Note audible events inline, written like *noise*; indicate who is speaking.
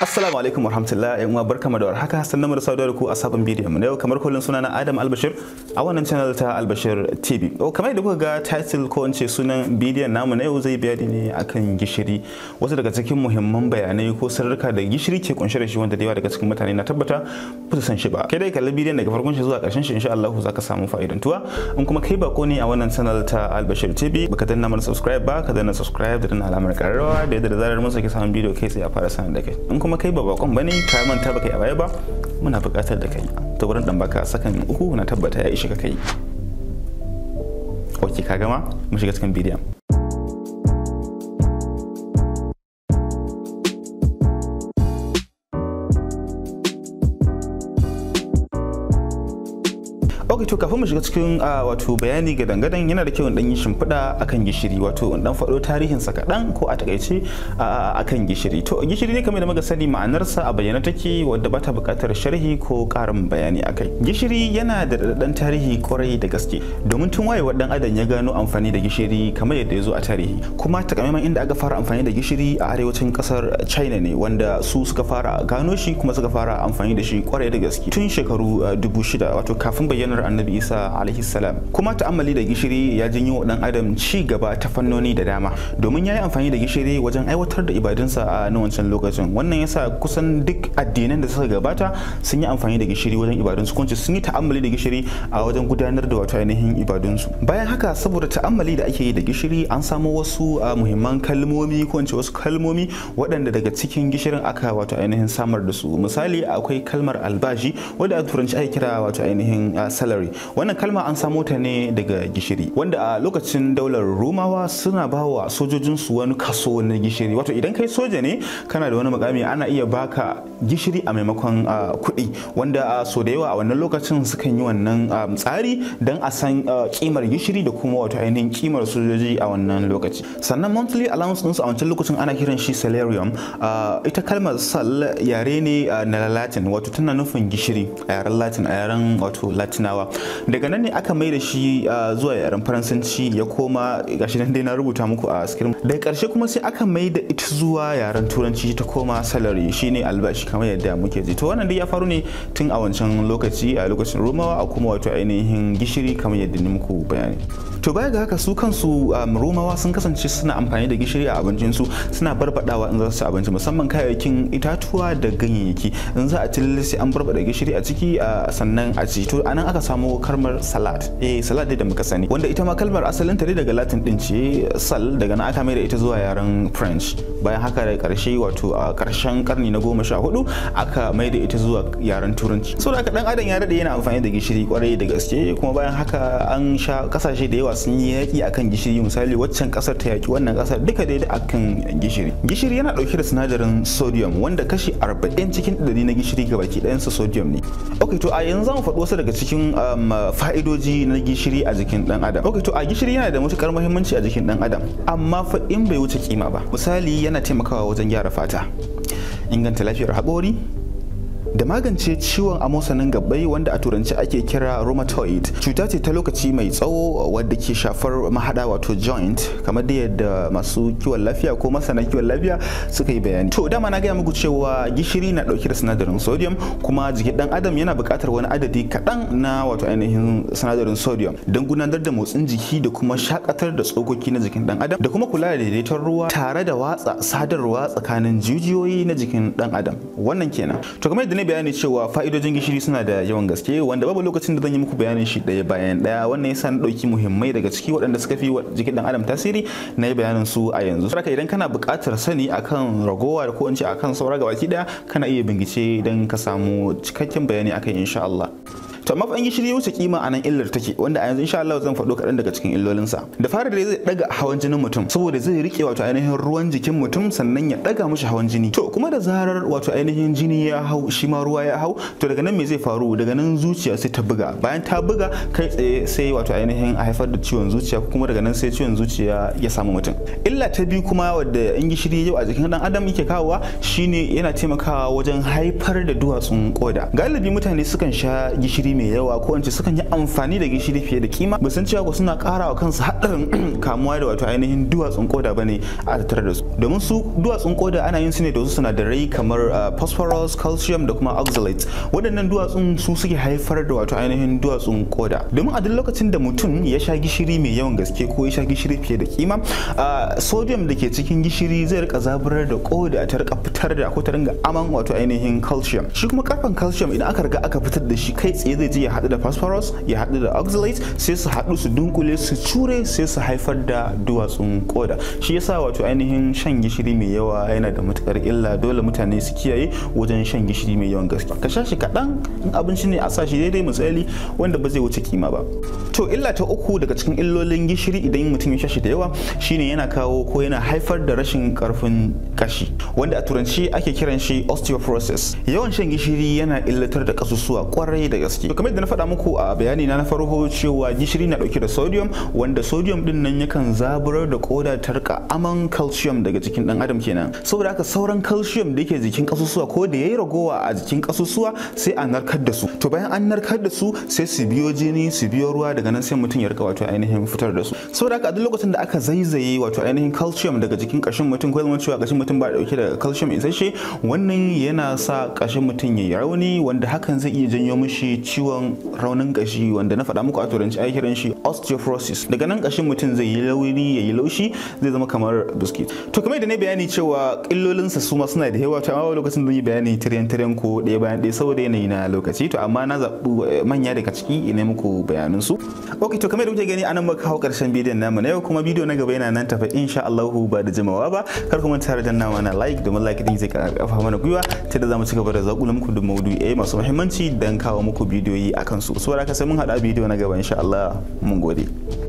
Speaker 1: Assalamu alaikum warahmatullahi wa uwa barkamu da warhaka sannanmu da saduwa da ku a sabon bidiyon mu yau kamar kullun sunana Adam Albashir a wannan channel ta Albashir TV. oh kamar yadda kuka ga title ko in ce sunan bidiyon namu na yau zai bayani ne akan gishiri wasu daga cikin muhimman bayanai ko sirrika da gishiri ke kunshe da shi wanda da yawa daga cikin mutane na tabbata ku san shi ba. Kai dai kalli bidiyon daga farkon shi zuwa karshen shi insha Allah za ka samu fa'idantuwa. In kuma kai bako ne a wannan channel ta Albashir TV baka danna mana subscribe ba ka danna subscribe da danna alamar karrawa da yadda da zarar mun saki samun bidiyo kai sai ya fara sanar da kai. kuma kai ba bakon bane ka manta baka yi a baya ba muna buƙatar da kai ta wurin dan baka sakan uku na tabbata ya ishi ka kai oke ka gama mu shiga cikin bidiyon ok to kafin mu shiga cikin wato bayani ga dangadan yana da kyau in dan yi shimfiɗa akan gishiri wato in dan faɗo tarihin sa kaɗan ko a takaice akan gishiri to gishiri ne kamar da muka sani ma'anarsa a bayyana take wadda bata buƙatar sharhi ko ƙarin bayani akai gishiri yana da daɗaɗɗen tarihi kwarai da gaske domin tun wayewar ɗan adam ya gano amfani da gishiri kamar yadda ya zo a tarihi kuma takamaiman inda aka fara amfani da gishiri a arewacin kasar china ne wanda su suka fara gano shi kuma suka fara amfani da shi kwarai da gaske tun shekaru dubu shida wato kafin bayyanar annabi isa alaihi salam kuma ta'ammali da gishiri ya janyo wa dan adam ci gaba ta fannoni da dama domin ya yi amfani da gishiri wajen aiwatar da ibadunsa a na wancan lokacin wannan yasa kusan duk addinan da suka gabata sun yi amfani da gishiri wajen ibadunsu kunci sun yi ta'ammali da gishiri a wajen gudanar da wato ainihin ibadunsu bayan haka saboda ta'ammali da ake yi da gishiri an samo wasu muhimman kalmomi ko wasu kalmomi waɗanda daga cikin gishirin aka wato ainihin samar da su misali akwai kalmar albashi wadda a turanci ake kira wato ainihin salar gishiri wannan kalma an samo ta ne daga gishiri wanda a lokacin daular rumawa suna ba wa sojojinsu wani kaso na gishiri wato idan kai soja ne kana da wani mukami ana iya baka gishiri a maimakon kuɗi wanda so da yawa a wannan lokacin sukan yi wannan tsari don a san kimar gishiri da kuma wato ainihin kimar sojoji a wannan lokaci sannan monthly allowance ɗinsu a wancan lokacin ana kiran shi salarium ita kalmar sal yare ne na latin wato tana nufin gishiri a yaren latin a yaren wato latinawa daga nan ne aka mai da shi zuwa yaren faransanci ya koma gashi nan dai na rubuta muku a screen daga karshe kuma sai aka mai da ita zuwa yaren turanci ta koma salary shine albashi kamar yadda muke ji to wannan dai ya faru ne tun a wancan lokaci a lokacin romawa a kuma wato ainihin gishiri kamar yadda ni muku bayani to baya ga haka su kansu um, romawa sun kasance suna amfani da gishiri a abincinsu suna barbadawa in za su ci abinci musamman kayayyakin itatuwa da ganyayyaki in za a tilli sai an barbada gishiri a ciki sannan a ci to anan aka samo kalmar salad eh salad da muka sani wanda ita ma kalmar asalin ta daga latin din ce sal daga nan aka mai da ita zuwa yaren french bayan haka da karshe wato a karshen karni na goma sha hudu hudu aka mai da ita zuwa yaren turanci so da dan adam ya daɗe yana amfani da gishiri kwarai da gaske kuma bayan haka an sha kasashe da yawa sun yi yaki akan gishiri misali waccan kasar ta yaki wannan kasar duka dai akan gishiri gishiri yana dauke da sinadarin sodium wanda kashi 40 cikin ɗari na gishiri ga baki su sodium ne ok to a yanzu zamu faɗi wasu daga cikin um, fa'idoji na gishiri a jikin ɗan adam ok to a gishiri yana da matukar muhimmanci a jikin ɗan adam amma fa in bai wuce kima ba misali yana taimakawa wajen gyara fata inganta lafiyar haƙori da magance ciwon amosanin gabbai wanda a turanci ake kira rheumatoid cuta ce ta lokaci mai tsawo wadda ke shafar mahada wato joint kamar da yadda masu kiwon lafiya ko masana kiwon lafiya suka yi bayani to dama na gaya muku cewa gishiri na dauke da sinadarin sodium kuma jikin dan adam yana bukatar wani adadi kaɗan na wato ainihin sinadarin sodium don gudanar da motsin jiki da kuma shakatar da tsokoki na jikin dan adam da kuma kula da daidaiton ruwa tare da watsa sadarwa tsakanin jijiyoyi na jikin dan adam wannan kenan to kamar na bayani cewa fa'idojin gishiri suna da yawan gaske wanda babu lokacin da zan yi muku bayanin shi ɗaya bayan ɗaya wannan yasa na ɗauki muhimmai daga ciki waɗanda suka fi jikin ɗan adam tasiri na yi bayanin su a yanzu saboda idan kana buƙatar sani akan ragowa ko in ce akan saura gabaki ɗaya kana iya bincike don ka samu cikakken bayani akan insha Allah. to amma fa an gishiri wuce kima anan illar take wanda a yanzu insha Allah zan faɗo kaɗan daga cikin illolinsa da fara da zai daga hawan jinin mutum saboda zai rike wato ainihin ruwan jikin mutum sannan ya daga mishi hawan jini to kuma da zarar wato ainihin jini ya hau shi ma ruwa ya hau to daga nan me zai faru daga nan zuciya sai ta buga bayan ta buga kai tsaye sai wato ainihin a haifar da ciwon zuciya kuma daga nan sai ciwon zuciya ya samu mutum illa ta biyu kuma wadda in gishiri yau a jikin dan adam yake kawowa shine yana taimakawa wajen haifar da duwatsun koda galibi mutane sukan sha gishiri mai yawa ko in ce sukan yi amfani da gishiri fiye da kima ba san cewa ko suna karawa kansu haɗarin *clears throat* kamuwa da wato ainihin duwatsun koda bane a tattare da su domin su duwatsun koda ana yin su ne da wasu sinadarai kamar ah, phosphorus calcium da kuma oxalate waɗannan duwatsun su suke haifar da wato ainihin duwatsun koda domin a duk lokacin da mutum ya sha gishiri mai yawan gaske ko ya sha gishiri fiye da kima ah, sodium da ke cikin gishiri zai rika zaburar da koda ta rika fitar da ko ta ringa aman wato ainihin calcium shi kuma karfen calcium idan aka riga aka fitar da shi kai tsaye zai je ya haɗu da phosphorus ya haɗu da oxalate sai su haɗu su dunkule su cure sai su haifar da duwatsun koda shi yasa wato ainihin shan gishiri mai yawa yana da matukar illa dole mutane su kiyaye wajen shan gishiri mai yawan gaske ka sha shi kaɗan in abinci ne a sa shi daidai misali wanda ba zai wuce kima ba to illa ta uku daga cikin illolin gishiri idan mutum ya sha shi da yawa shine yana kawo ko yana haifar da rashin karfin kashi wanda a turanci ake kiran shi osteoporosis yawan shan gishiri yana illatar da kasusuwa kwarai da gaske ciki kamar yadda na faɗa muku a bayani na na farko cewa gishiri na ɗauke da sodium wanda sodium din nan yakan zaburar da koda ta rika aman calcium daga jikin dan adam kenan saboda haka sauran calcium da yake jikin kasusuwa ko da yayi ragowa a jikin kasusuwa sai a narkar da su to bayan an narkar da su sai su biyo jini su biyo ruwa daga nan sai mutum ya rika wato ainihin fitar da su saboda haka a duk lokacin da aka zaizaye wato ainihin calcium daga jikin ƙashin mutum ko zama cewa ƙashin mutum ba ɗauke da calcium isasshe wannan yana sa kashin mutum ya yi rauni wanda hakan zai iya janyo mishi ciwon raunin kashi wanda na faɗa muku a turanci ai kiran shi osteoporosis daga nan kashin mutum zai yi lauri ya yi laushi zai zama kamar biskit to kamar da na bayani cewa illolinsa su ma suna da yawa to amma lokacin da yi bayani tiryan tiryan ko ɗaya bayan ɗaya saboda yanayi na lokaci to amma na zaɓi eh, manya daga ciki ina muku bayanin su ok to kamar da kuke gani anan muka kawo ƙarshen bidiyon namu na yau kuma bidiyo na gaba yana nan tafa insha Allah ba da jimawa ba kar kuma tare da nawa na like domin like din zai ƙarfafa mana gwiwa ta da zamu ci gaba da zaƙula muku da maudu'i masu muhimmanci dan kawo muku bidiyo bidiyoyi akan su saboda haka sai mun haɗa bidiyo na gaba insha Allah mun gode